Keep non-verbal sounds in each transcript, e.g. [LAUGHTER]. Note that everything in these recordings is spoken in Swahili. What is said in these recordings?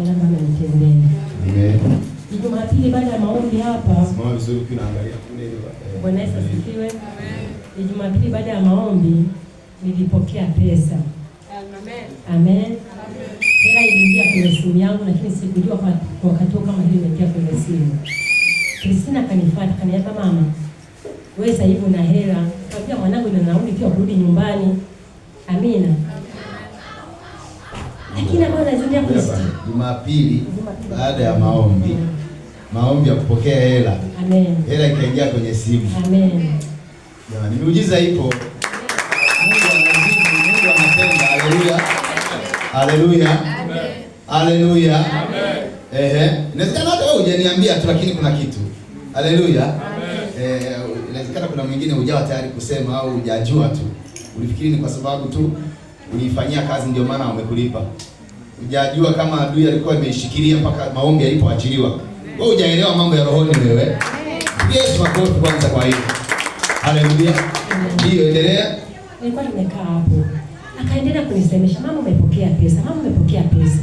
alama ametembea. Jumapili baada ya maombi hapa, eh. Bwana Yesu asifiwe. Jumapili baada ya maombi nilipokea pesa amen, amen. Hela iliingia kwenye simu yangu, lakini sikujua kwa wakati huo kama hiyo imeingia kwenye simu. Kristina kanifuata kaniambia, mama wewe sasa hivi una hela. Nikamwambia mwanangu, ina nauli pia kurudi nyumbani. Amina, lakini ambayo lazima Jumapili baada ya maombi, maombi ya kupokea hela, hela ikaingia kwenye simu. Jamani, miujiza ipo, Mungu Mungu anatenda. Haleluya, haleluya, haleluya. Ehe, inawezekana hata wewe hujaniambia tu, lakini kuna kitu. Haleluya, eh, inawezekana kuna mwingine hujawa tayari kusema au hujajua tu, ulifikiri ni kwa sababu tu ulifanyia kazi ndio maana wamekulipa hujajua kama adui alikuwa ameishikilia mpaka maombi yalipoachiliwa. Wewe hujaelewa mambo ya rohoni wewe. Yesu makofi kwanza kwa hiyo. Haleluya. Hiyo endelea. Nilikuwa nimekaa hapo. Akaendelea kunisemesha, mama umepokea pesa, mama umepokea pesa.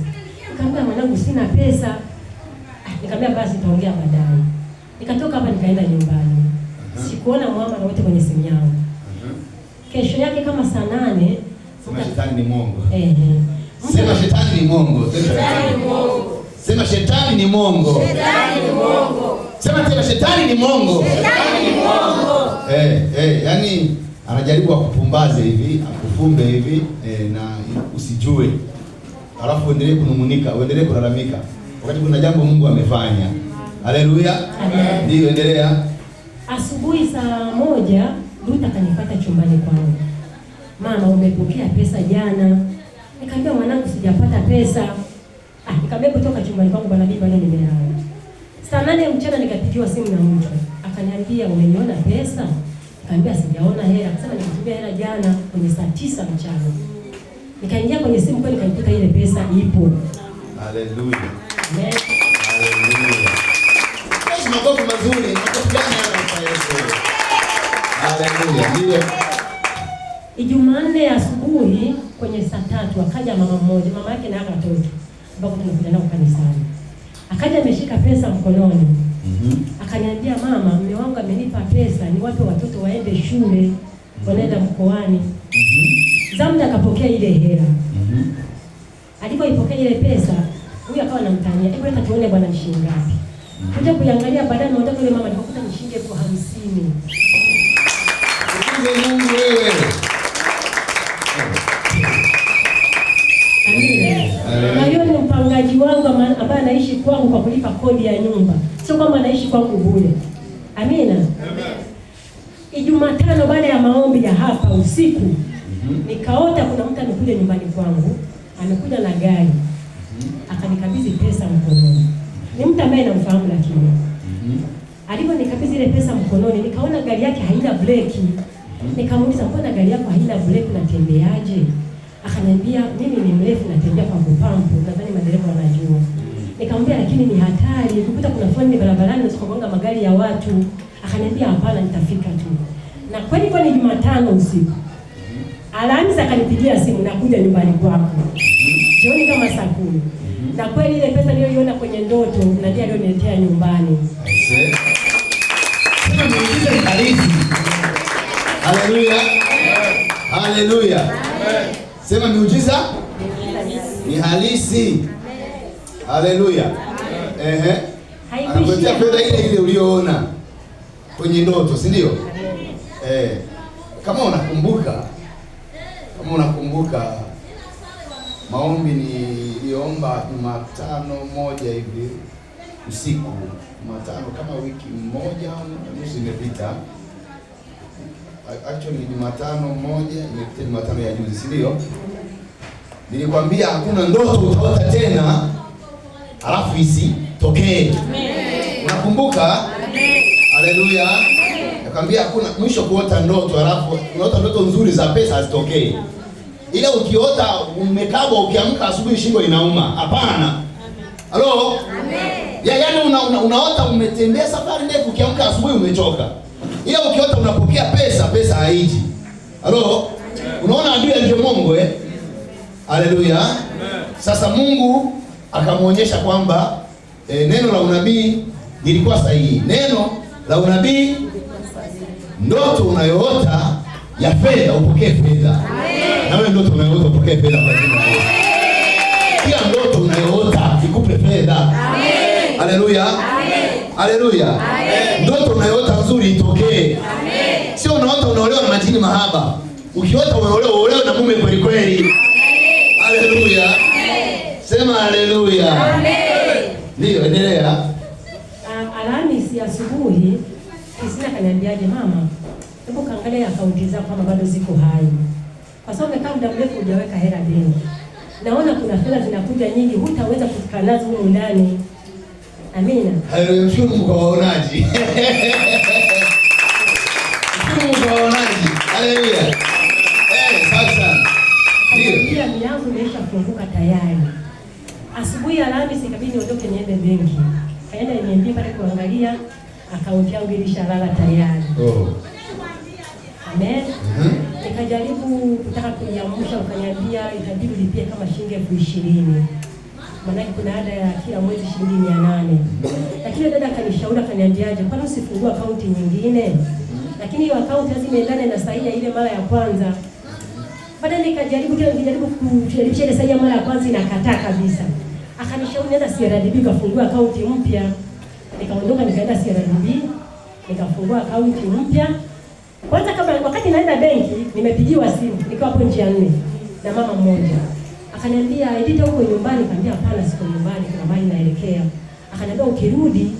Nikamwambia mwanangu sina pesa. Nikamwambia basi nitaongea baadaye. Nikatoka hapa nikaenda nyumbani. Sikuona mwama wote kwenye simu yangu. Kesho yake kama saa nane, sema shetani ni mwongo. Eh. Sema shetani ni mwongo. Sema shetani ni mwongo. Sema tena shetani ni mwongo. yaani yani anajaribu akupumbaze hivi, akufumbe hivi eh, na usijue. Alafu uendelee kunung'unika, uendelee kulalamika. Wakati kuna jambo Mungu amefanya. Haleluya. Ndio, endelea. Asubuhi saa moja Ruta kanipata chumbani kwangu. Mama, umepokea pesa jana sijapata pesa. Ah, nikamwambia kutoka chumbani kwangu bwana bibi bado nimelala. Saa nane mchana nikapigiwa simu na mtu. Akaniambia umeniona pesa? Nikamwambia sijaona hela. Akasema nikutumia hela jana kwenye saa tisa mchana. Nikaingia kwenye simu kweli nikaikuta ile pesa ipo. Haleluya. Haleluya. Makofi mazuri. Makofi gani hapa Yesu? Haleluya. Ndio ijumane asubuhi kwenye saa tatu akaja mama mmoja, mama yake na watoto ambao tunakuja nao kanisani, akaja ameshika pesa mkononi mm -hmm. Akaniambia, mama, mume wangu amenipa pesa niwape watoto waende shule, wanaenda mkoani mm -hmm. Zamda akapokea ile hela mm -hmm. Alipoipokea ile pesa, huyu akawa anamtania, hebu hata tuone bwana ni shilingi ngapi? Mhm. Kuja kuiangalia baadaye, mtoto yule mama alikukuta ni shilingi elfu hamsini. kodi ya nyumba, sio kwamba naishi kwangu bure. Amina, Amen. Ijumatano baada ya maombi ya hapa usiku mm -hmm. nikaota kuna mtu amekuja nyumbani kwangu, amekuja na gari mm -hmm. akanikabidhi pesa mkononi. Ni mtu ambaye namfahamu, lakini mm -hmm. alivyonikabidhi ile pesa mkononi, nikaona gari yake haina breki. mm -hmm. Nikamuuliza, mbona gari yako haina breki, natembeaje? Akaniambia, mimi ni mrefu, natembea kwa kupampu, nadhani madereva wana lakini ni hatari, nikukuta kuna foleni barabarani nasikogonga magari ya watu. Akaniambia hapana, nitafika tu. Na kweli ni Jumatano usiku Alhamisi akanipigia simu, nakuja nyumbani kwako jioni kama saa kumi. Na kweli ile pesa niliyoiona kwenye ndoto na ndiye aliyoniletea nyumbani. Haleluya, haleluya! Sema miujiza ni halisi. Haleluya ehe, anakuletea fedha ile ile uliyoona kwenye ndoto, si ndio? Eh, kama unakumbuka, kama unakumbuka maombi niliomba Jumatano moja hivi usiku, Jumatano kama wiki moja au nusu imepita Actually Jumatano moja imepita, Jumatano ya juzi, si ndio? Nilikwambia hakuna ndoto utaota tena alafu isi tokee. Unakumbuka? Haleluya. Nakwambia hakuna mwisho kuota ndoto, alafu unaota ndoto nzuri za pesa hazitokee. Ile ukiota umekabwa, ukiamka asubuhi shingo inauma. Hapana. Halo? Ya, yaani una, una, unaota umetembea safari ndefu, ukiamka asubuhi umechoka. Ile ukiota unapokea pesa, pesa haiji. Halo? Unaona adui ndio Mungu eh? Haleluya. Sasa Mungu akamwonyesha kwamba e, neno la unabii lilikuwa sahihi. Neno la unabii, ndoto unayoota ya fedha upokee fedha. Na wewe ndoto unayoota upokee fedha kwa jina la Yesu. Kila ndoto unayoota ikupe fedha. Haleluya, haleluya. Ndoto unayoota nzuri itokee. Sio unaota unaolewa na majini mahaba. Ukiota unaolewa, uolewe na mume kweli kweli. Haleluya, sema haleluya. Ndio, endelea. Um, Alhamisi asubuhi Kristina kaniambiaje, mama, hebu kaangalia akaunti zako kama bado ziko hai, kwa sababu umekaa muda mrefu hujaweka hela benki, naona kuna fedha zinakuja nyingi, hutaweza kukaa nazo humu ndani. Amina. Mshukuru kwa waonaji. Mshukuru kwa waonaji. Haleluya. Eh, sasa. Ndio. Mlango umeshafunguka tayari. Asubuhi Alhamisi ikabidi niondoke niende benki, kaenda niambie pale kuangalia akaunti yangu ilishalala tayari. Oh. Amen. Mm-hmm. Nikajaribu mm-hmm. kutaka kuniamsha, ukaniambia itabidi ulipie kama shilingi elfu ishirini maanake kuna ada ya kila mwezi shilingi mia nane mm-hmm. lakini dada akanishauri akaniambiaje, kwani usifungua akaunti nyingine? Mm-hmm. Lakini hiyo akaunti lazima iendane na sahihi ya ile mara ya kwanza. Baadaye nikajaribu kila nikijaribu kurekebisha ile sahihi ya mara ya kwanza inakataa kabisa. Akanishauri nenda CRDB kafungua akaunti mpya. Nikaondoka nikaenda CRDB nikafungua akaunti mpya. Kwanza kama wakati naenda benki nimepigiwa simu nikiwa hapo njia nne na mama mmoja. Akaniambia Edita, huko nyumbani? Nikamwambia hapana, siko nyumbani, kuna mali naelekea. Akaniambia ukirudi,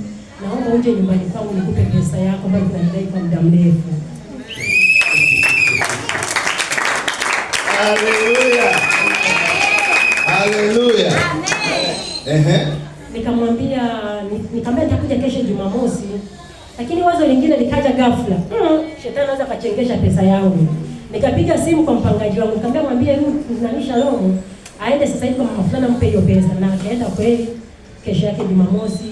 naomba uje nyumbani kwangu nikupe pesa yako ambayo unadai kwa muda mrefu. Haleluya. Ehe. Nikamwambia nikamwambia nitakuja kesho Jumamosi. Lakini wazo lingine likaja ghafla. Mm, shetani anaweza kachengesha pesa yangu. Nikapiga simu kwa mpangaji wangu, nikamwambia mwambie Ruth nani Shalom aende sasa hivi kwa mama fulani ampe hiyo pesa. Na akaenda kweli kesho yake Jumamosi.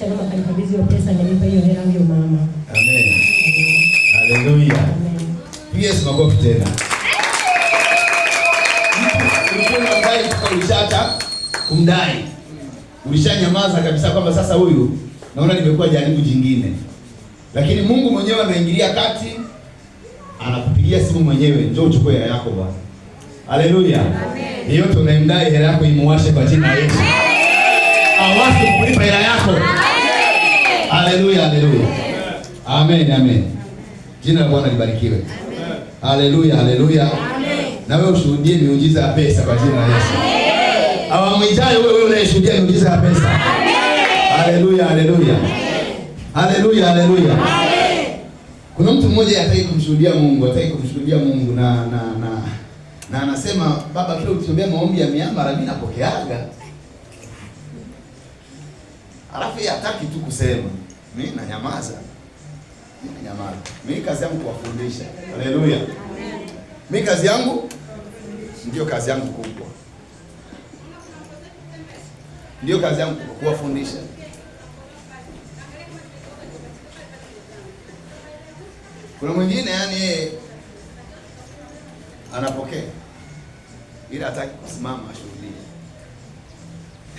Chama akanikabidhi hiyo pesa nilipa hiyo hela huyo mama. Amen. Haleluya. Yes, makofi tena. Mtu ambaye tukaishata kumdai ulishanyamaza kabisa kwamba sasa huyu naona nimekuwa jaribu jingine, lakini Mungu mwenyewe anaingilia kati, anakupigia simu mwenyewe, njoo uchukue hela yako bwana. Haleluya, amen. Yeyote unayemdai hela yako imuwashe kwa jina la Yesu, awashe kulipa hela yako. Haleluya, haleluya, amen, amen. Jina la Bwana libarikiwe. Haleluya, haleluya. amen. Na wewe ushuhudie miujiza ya pesa kwa jina la Yesu. amen awamwitaye ijayo, wewe unayeshuhudia miujiza ya pesa. Haleluya, haleluya, haleluya, haleluya. Kuna mtu mmoja hataki kumshuhudia Mungu, hataki kumshuhudia Mungu na na na na anasema, baba, kile ukitubia maombi ya miamba mimi napokeaga. Alafu yeye hataki tu kusema, mimi nanyamaza, mimi nanyamaza. Mimi kazi yangu kuwafundisha. Haleluya, mimi kazi yangu ndio kazi yangu kubwa ndio kazi yangu kuwafundisha. Kuna mwingine yani yeye anapokea ila hataki kusimama ashuhudie.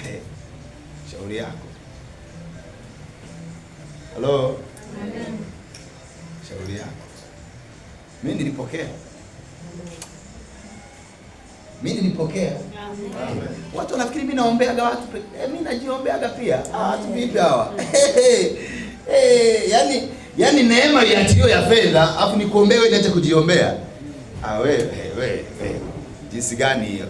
Hey, shauri yako. Halo, shauri yako. Mimi nilipokea. Mi nilipokea. Watu wanafikiri mi naombeaga watu, eh, mi najiombeaga pia. Ah, Watu vipi hawa? [LAUGHS] Eh, yani yani neema yatio ya fedha afu nikuombea wewe niache kujiombea. Ah, wewe wewe we. Jinsi gani hiyo?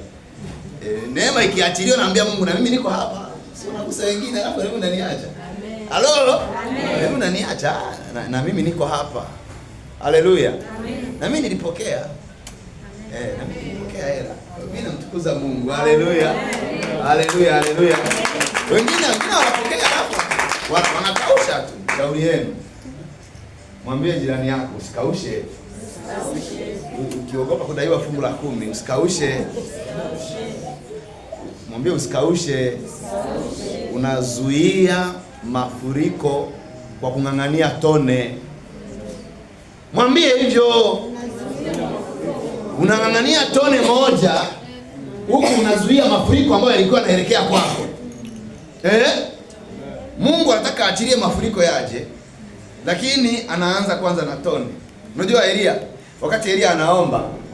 E, neema ikiachiliwa naambia Mungu na mimi niko hapa. Sio nagusa wengine alafu hebu unaniacha. Amen. Halo? Amen. Hebu unaniacha ah, na, na mimi niko hapa. Haleluya. Amen. Na mimi nilipokea. Amen. Eh, na mimi anataka hela. Mimi namtukuza Mungu. Haleluya. Haleluya, haleluya. Wengine wengine wanapokea hapo. Wanakausha tu. Shauri yenu. Mwambie jirani yako usikaushe. Ukiogopa kudaiwa fungu la kumi, usikaushe. Mwambie usikaushe. Unazuia mafuriko kwa kung'ang'ania tone. Mwambie hivyo unang'ang'ania tone moja huku unazuia mafuriko ambayo yalikuwa yanaelekea kwako eh? Mungu anataka aachilie mafuriko yaje, lakini anaanza kwanza na tone. Unajua Elia, wakati Elia anaomba